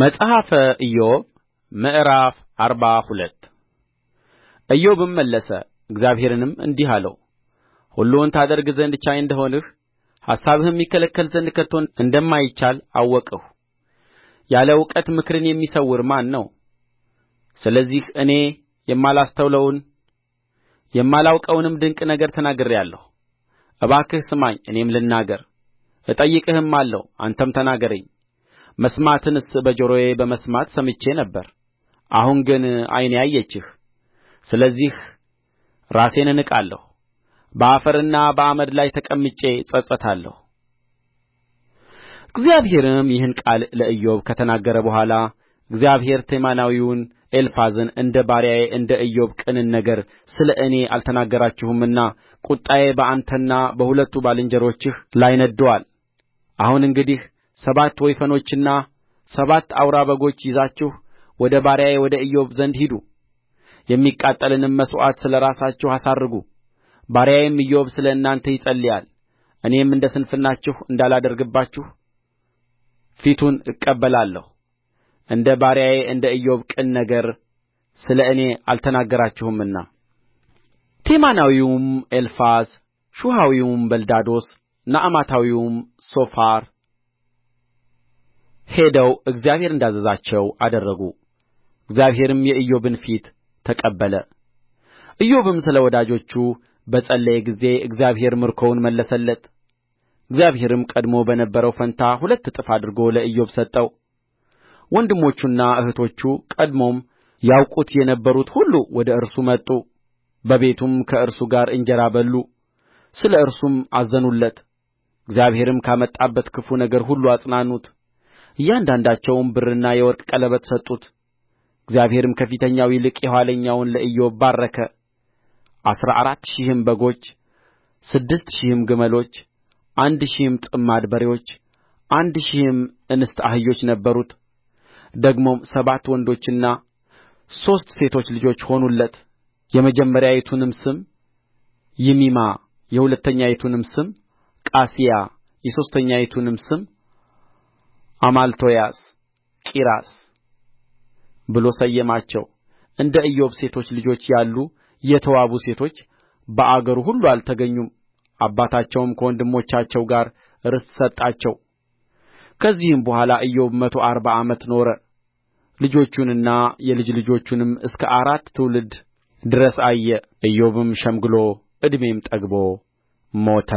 መጽሐፈ ኢዮብ ምዕራፍ አርባ ሁለት ኢዮብም መለሰ እግዚአብሔርንም እንዲህ አለው ሁሉን ታደርግ ዘንድ ቻይ እንደ ሆንህ አሳብህም ይከለከል ዘንድ ከቶ እንደማይቻል አወቅሁ ያለ እውቀት ምክርን የሚሰውር ማን ነው ስለዚህ እኔ የማላስተውለውን የማላውቀውንም ድንቅ ነገር ተናግሬአለሁ እባክህ ስማኝ እኔም ልናገር እጠይቅህማለሁ አንተም ተናገረኝ መስማትንስ በጆሮዬ በመስማት ሰምቼ ነበር አሁን ግን ዓይኔ አየችህ ስለዚህ ራሴን እንቃለሁ በአፈርና በአመድ ላይ ተቀምጬ እጸጸታለሁ እግዚአብሔርም ይህን ቃል ለኢዮብ ከተናገረ በኋላ እግዚአብሔር ቴማናዊውን ኤልፋዝን እንደ ባሪያዬ እንደ ኢዮብ ቅንን ነገር ስለ እኔ አልተናገራችሁምና ቍጣዬ በአንተና በሁለቱ ባልንጀሮችህ ላይ ነድዶአል አሁን እንግዲህ ሰባት ወይፈኖችና ሰባት አውራ በጎች ይዛችሁ ወደ ባሪያዬ ወደ ኢዮብ ዘንድ ሂዱ የሚቃጠልንም መሥዋዕት ስለ ራሳችሁ አሳርጉ ባሪያዬም ኢዮብ ስለ እናንተ ይጸልያል እኔም እንደ ስንፍናችሁ እንዳላደርግባችሁ ፊቱን እቀበላለሁ እንደ ባሪያዬ እንደ ኢዮብ ቅን ነገር ስለ እኔ አልተናገራችሁምና ቴማናዊውም ኤልፋዝ ሹሐዊውም በልዳዶስ ናዕማታዊውም ሶፋር ሄደው እግዚአብሔር እንዳዘዛቸው አደረጉ እግዚአብሔርም የኢዮብን ፊት ተቀበለ ኢዮብም ስለ ወዳጆቹ በጸለየ ጊዜ እግዚአብሔር ምርኮውን መለሰለት እግዚአብሔርም ቀድሞ በነበረው ፋንታ ሁለት እጥፍ አድርጎ ለኢዮብ ሰጠው ወንድሞቹና እኅቶቹ ቀድሞም ያውቁት የነበሩት ሁሉ ወደ እርሱ መጡ በቤቱም ከእርሱ ጋር እንጀራ በሉ ስለ እርሱም አዘኑለት እግዚአብሔርም ካመጣበት ክፉ ነገር ሁሉ አጽናኑት እያንዳንዳቸውም ብርና የወርቅ ቀለበት ሰጡት እግዚአብሔርም ከፊተኛው ይልቅ የኋለኛውን ለኢዮብ ባረከ አሥራ አራት ሺህም በጎች ስድስት ሺህም ግመሎች አንድ ሺህም ጥማድ በሬዎች አንድ ሺህም እንስት አህዮች ነበሩት ደግሞም ሰባት ወንዶችና ሦስት ሴቶች ልጆች ሆኑለት የመጀመሪያይቱንም ስም ይሚማ የሁለተኛይቱንም ስም ቃስያ የሦስተኛይቱንም ስም አማልቶያስ ቂራስ ብሎ ሰየማቸው እንደ ኢዮብ ሴቶች ልጆች ያሉ የተዋቡ ሴቶች በአገሩ ሁሉ አልተገኙም አባታቸውም ከወንድሞቻቸው ጋር ርስት ሰጣቸው ከዚህም በኋላ ኢዮብ መቶ አርባ ዓመት ኖረ ልጆቹንና የልጅ ልጆቹንም እስከ አራት ትውልድ ድረስ አየ ኢዮብም ሸምግሎ ዕድሜም ጠግቦ ሞተ